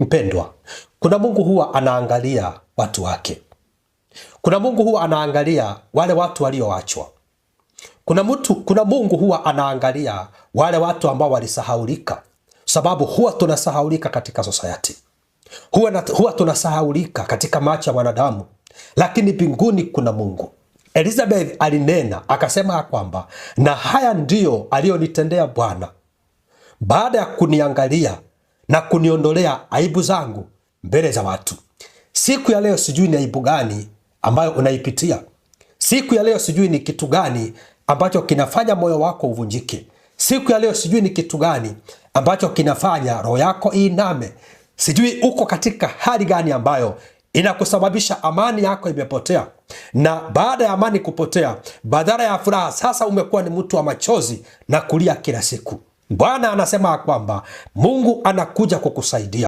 Mpendwa, kuna Mungu huwa anaangalia watu wake. Kuna Mungu huwa anaangalia wale watu walioachwa. Kuna mtu, kuna Mungu huwa anaangalia wale watu ambao walisahaulika, sababu huwa tunasahaulika katika sosayati, huwa, huwa tunasahaulika katika macho ya mwanadamu, lakini mbinguni kuna Mungu. Elizabeth alinena akasema ya kwamba na haya ndiyo aliyonitendea Bwana baada ya kuniangalia na kuniondolea aibu zangu mbele za watu. Siku ya leo sijui ni aibu gani ambayo unaipitia. Siku ya leo sijui ni kitu gani ambacho kinafanya moyo wako uvunjike. Siku ya leo sijui ni kitu gani ambacho kinafanya roho yako iiname. Sijui uko katika hali gani ambayo inakusababisha amani yako imepotea, na baada ya amani kupotea, badala ya furaha, sasa umekuwa ni mtu wa machozi na kulia kila siku. Bwana anasema ya kwamba Mungu anakuja kukusaidia.